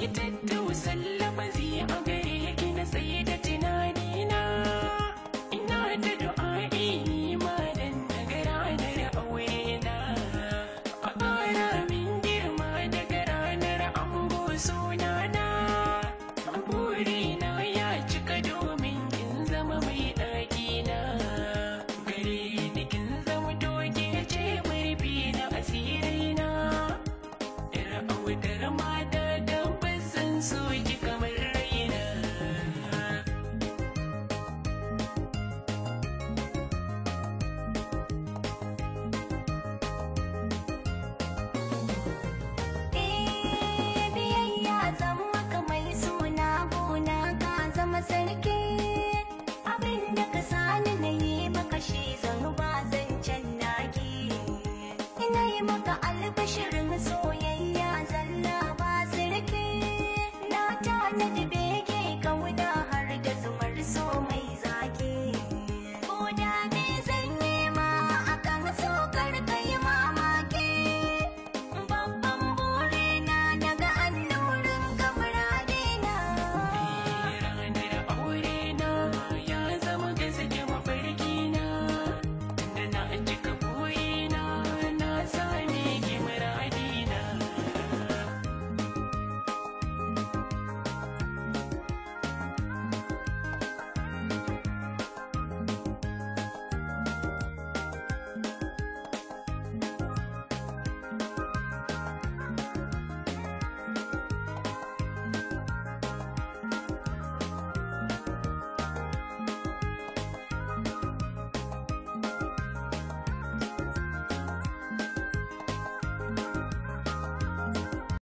yi tattawa sallama maka albashirin soyayya zalla ba zirki na ta